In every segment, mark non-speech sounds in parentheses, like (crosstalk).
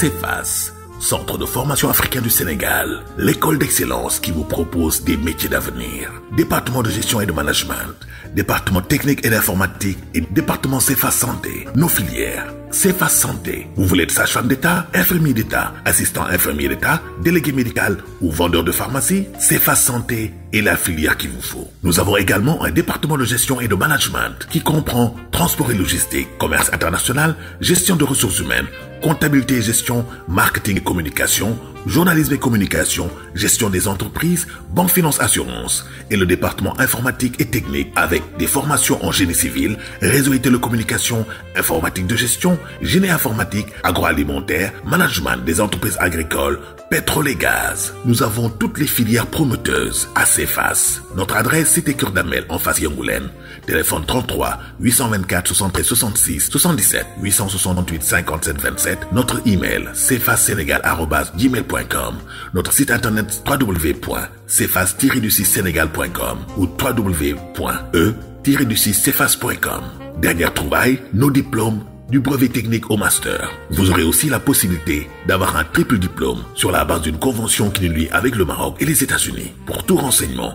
CEFAS, Centre de formation africain du Sénégal, l'école d'excellence qui vous propose des métiers d'avenir. Département de gestion et de management, département technique et d'informatique et département CEFAS Santé, nos filières. CEFAS Santé, vous voulez être sage-femme d'État, infirmier d'État, assistant infirmier d'État, délégué médical ou vendeur de pharmacie, CEFAS Santé est la filière qu'il vous faut. Nous avons également un département de gestion et de management qui comprend transport et logistique, commerce international, gestion de ressources humaines, comptabilité et gestion, marketing et communication, journalisme et communication, gestion des entreprises, banque finance assurance et le département informatique et technique avec des formations en génie civil, réseau et télécommunication, informatique de gestion, génie informatique, agroalimentaire, management des entreprises agricoles, pétrole et gaz. Nous avons toutes les filières prometteuses à faces. Notre adresse, c'était Cœur d'Amel en face Yangoulen, Téléphone 33 824 73 66 77 868 57 25 notre email arrobas gmail.com notre site internet www.cfas-sénégal.com ou www.e-cfas.com. Dernière trouvaille, nos diplômes du brevet technique au master. Vous aurez aussi la possibilité d'avoir un triple diplôme sur la base d'une convention qui nous lie avec le Maroc et les États-Unis. Pour tout renseignement,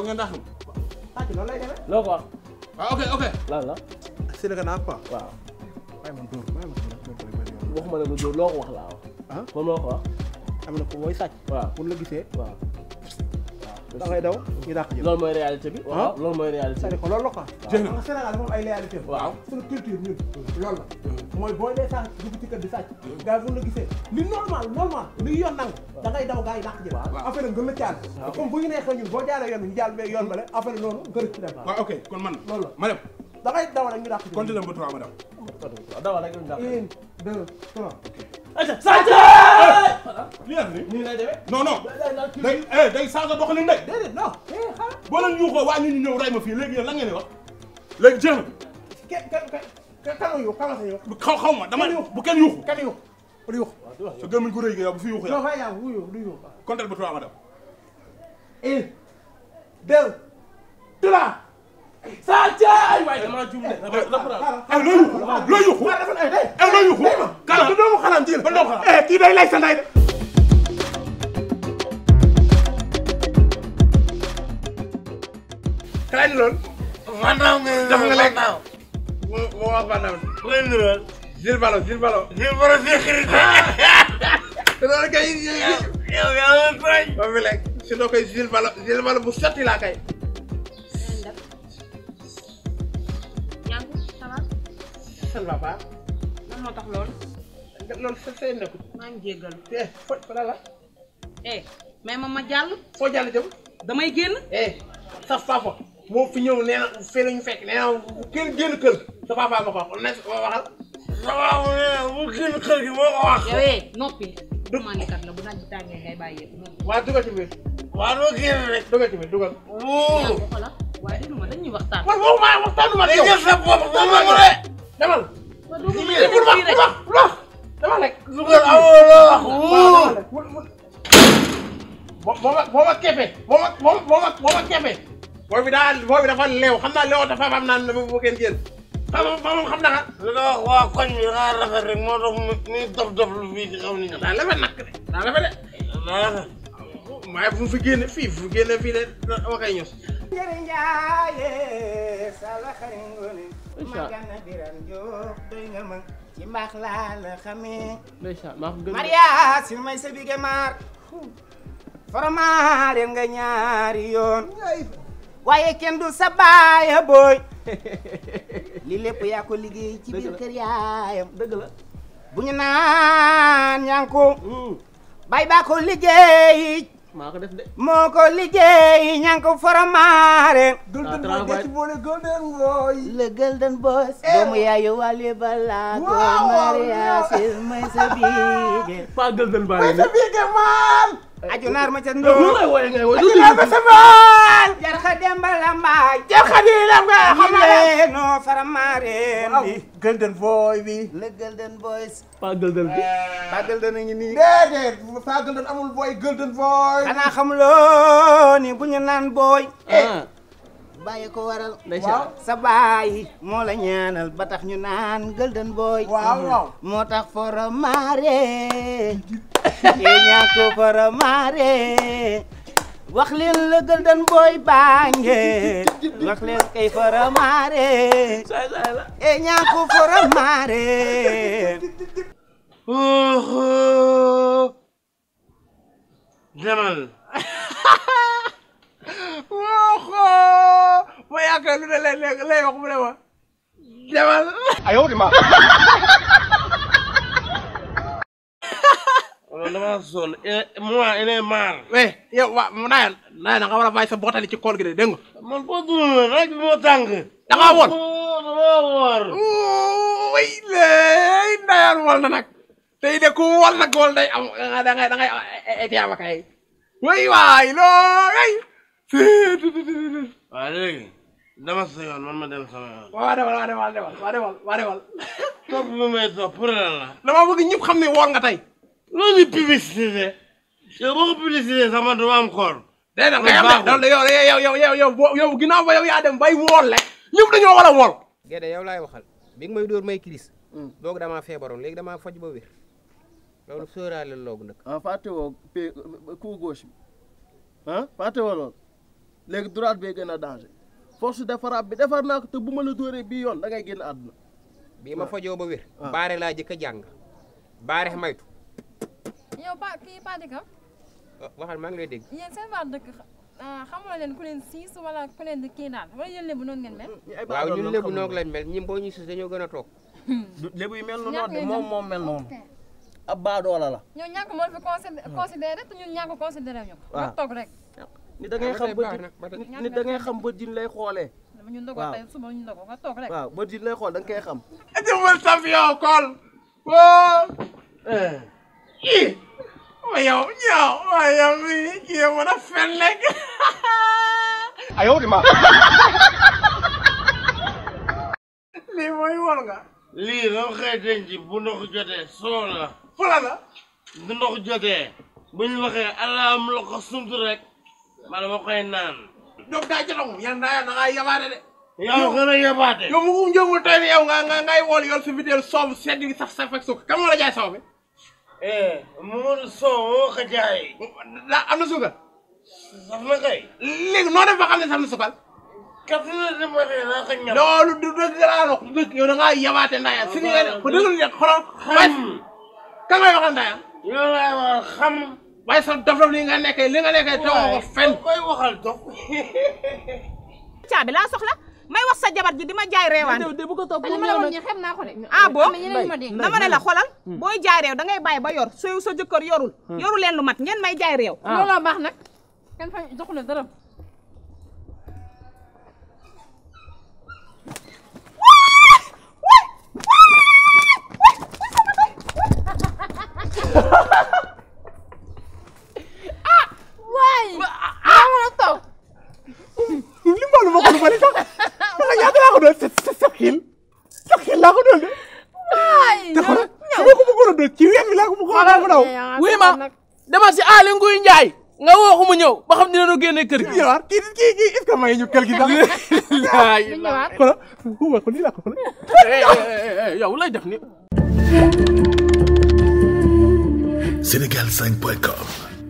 yow ngeen tax. tàcc loolu lay demee. loo ko wax. waaw ok ok. lan la. si la gannaaw quoi. waaw. waaye man dóor waaye man loo ko wax laa wax. ah moom ko wax. am na ko booy sàcc. waaw pour la gisee. waaw. da ngay daw ñu dàq ji. loolu mooy réalité bi. waaw loolu mooy réalité bi. c'est-à-dire loolu la quoi. waaw waaw mooy boo dee sàcc dugg ci kër di sàcc gars yi bu la gisee li normal normal li yoon nang da ngay daw gars yi dàq ji affaire ngën la caan comme bu ñu neexee ñun boo jaaree yoon ñu jaar bee yoon ba le affaire noonu ngër ci dem ok kon man loolu la ma dem da ngay daw rek ñu dàq ji continue ba trois ma dem daw rek ñu dàq une li nga ni nii lay demee non non day eh, day saaga doxalin de déedéet non eh, boo leen yuuxoo waa ñu ñu ñëw ray ma fii léegi yow la ngeen di wax léegi kan la yuux kan la sa yuux xaw xaw ma dama bu kenn yuuxu kenn yuuxu du yuuxu sa gëmmiñ gu rëy gi yow bu fi yuuxu yow yaa bu yuuxu du yuuxu comptez ba trois madame un deux trois Sadio ay waay damaa juum de ay loo yuuxu loo yuuxu ay loo yuuxu kan du doomu xalam ji la doomu xalam kii day lay sa ndey de kañ lool maanaam dafa nga lekk mu mu wax Vandam. bu koy nural. Gilles Balo Gilles bu sotti laa kay. sëñ Ba Ba. lan tax loolu. loolu sa say nekkul. maa ngi jéggalu. eh fo ma jàll. foo jàll damay génn. eh sax faafa moo fi ñëw nee na fii la ñu fekk nee na kër génn kër. dafa am ma ko wax ne ko waxal. bu génn kër gi moo ko wax. yow eh noppi. kat la bu naaj bi tàngee ngay bàyyi yëpp. waa dugal ci biir. waa doo génn rek dugal ci biir dugal. wóo waaye déglu ma dañuy waxtaan. man moom maa waxtaanu ma ak yow. sa bopp waxtaanu ma ak yow. Eh, demal. Eh, demal rek. dugal awoo loo wax. wóo boo ma boo ma keppe. boo ma boo ma boo ma keppe. boobu daal boobu dafa leew xam naa leew dafa am naan bu bu kenn jël. papa moom xam na nga. waa koñ bi da ngaa rafet rek fu mu fi fu génne fii de waxee ños. njëriñ njaaye sala xarit ngoone. incha allah magana biran Diop Maria si may sa bige maar. foromaare nga ñaari waaye kenn du sa baaya (laughs) li lépp yaa ko liggéey ci biir kër yaayam dëgg la bu ñu naan ñànku hmm. bay baa ko liggéey maa ko def de ko liggéey ñànku foromaare golden boy def boole golden boy le golden boy eh. doomu yaayu wàllu balaa ko maria sil may sa biige (laughs) pas sa biige maan aju naar ma ca eh, aju naar ma ca ndóo jar xa dem ba la mbaay jar xa di la mbaay xam naa no faramaareen bi Golden Boy bi le Golden Boys pa Golden bi pa Golden a ngi Golden amul boy Golden Boy bu ñu naan booy eh, ah. bàyyi ko waral. waaw sa baay moo la ñaanal ba tax ñu naan golden boy. waaw mhm. waaw moo tax foromaare. yéen (laughs) ñaa ko foromaare. wax leen la gëldan booy bàngee wax leen kay e ñaa ko faramaare oho ma yaakaar lu ne lay wax mu ne ma ayoo di ma (laughs) damaa sonn moment il maar. oui yow wa Ndao Ndao da nga a de da ngaa woor da ngaa woor. way lay wol na de wol nag ma dem topp bi la. dama bëgg ñëpp xam ne woor nga tey. loolu di publicité yow boo ko publicité sama du ma am xool. day tax loolu yow yow yow yow yow yow ginnaaw ba yow yaa dem bay wool le ñëpp dañoo war a wool. Guédé yow laay waxal bi nga may dóor may crise hmm. boogu damaa feebaroon léegi damaa faj ba wér loolu sóoraale loogu nag. ah fàttewoo pe coup gauche bi ah fàttewoo loolu léegi droite bee gën a danger force de frappe bi defar naa ko te bu ma la dóoree bii yoon da ngay génn àdduna. bii ma fajoo ba wér. Ah. baare laa jëkk a jàng baare maytu. yow pa kii Ka. waxal maa ngi lay dégg. yéen seen waa xam ah, xamuloo leen ku leen siis wala ku leen di kii daal wala yéen lébu noonu ngeen mel. waaw ñun lébu noonu lañ mel boo ñu siis dañoo gën a toog. lébu yi mel (laughs) noonu moom moom mel noonu. ab baadoola la. ñoo ñàkk moo fi hmm. considéré te ñun ñàkk considéré ñu ko. waaw toog rek. nit da ngay xam bët nit da ngay xam bët jin lay xoolee. waaw ñu ndogoo tey suba ñu ndogoo nga toog rek. waaw jin lay xool da nga koy xam. jëmbal sa fi yow kool. ii yow yow yow mii yow mën a fen lekk ay yow di ma lii mooy wol nga lii raw xeeten bu ndox jotee solo la fala la bu ndox jotee buñ waxee alaam la ko sumtu rek man ma koy naan doom daa jotagum yan daa da ngaa yabaate de yow gën a yabaate yow mu ngi njëngul tey yow nga nga ngay wol yoon si vidéo soobu sedd gi saf saf ak suuk kan moo jaay soow bi eh Momadou Sow moo ko jaayee. am na suukar. saf na kay. na suukar. kaftu na dama ne laa ko ñam. loolu du du laa wax dëgg yow da ngaa ndaaya. waaw waaw waaw su ñu yore ku déglu ne ndaaya. yow laay wax xam. waaye sa dof dof li nga nekkee li nga nekkee. waaw la koy waxal dof. caabi may wax sa jabar ji di jaay reewaan ñu ah anu bo dama ne la xolal hmm. boy jaay rew da ngay baye ba yor soyu sa jëkkër yorul hmm. yorul len lu mat ngeen may jaay reew ah. looloo bax nak ken fa joxu la ah why? ah ah ma la taw. li mbalu (laughs) ma nag yaa ngi laa ko doon sa sa xiil sa xiil laa ko doon de. waay ñëw ñëw te ko bëggoon a doon ci wér bi laa ko bëggoon a doon. wuy ma demal si Aly Ngouille Ndiaye. nga woo ko mu ñëw ba xam dina doon génne kër gi. ñëwaat kii kii kii est-ce que may ñu kër gi sax. (laughs) ñëwaat ko la ko lii laa ko xoolal. Eh, eh, eh, yow lay def ni. Sénégal5.com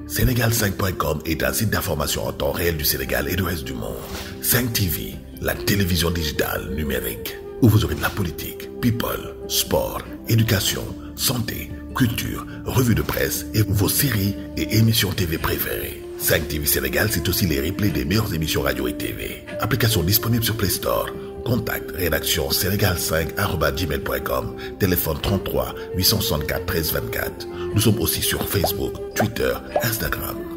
Sénégal5.com est un site d'information en temps réel du Sénégal et du reste du monde. 5 TV la télévision digitale numérique, où vous aurez de la politique, people, sport, éducation, santé, culture, revues de presse et vos séries et émissions TV préférées. 5 TV Sénégal, c'est aussi les replays des meilleures émissions radio et TV. Application disponible sur Play Store. Contact rédaction sénégal @gmail.com. téléphone 33 864 1324. Nous sommes aussi sur Facebook, Twitter, Instagram.